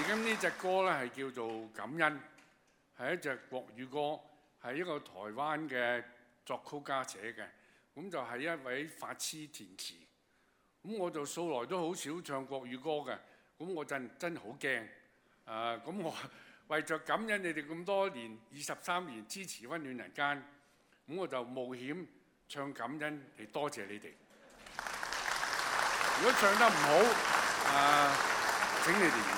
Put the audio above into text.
而今呢隻歌咧係叫做《感恩》，係一隻國語歌，係一個台灣嘅作曲家寫嘅，咁就係一位法師填詞。咁我就素來都好少唱國語歌嘅，咁我真真係好驚。啊，咁我為著感恩你哋咁多年，二十三年支持溫暖人間，咁我就冒險唱《感恩》，嚟多謝你哋。如果唱得唔好，啊，請你哋。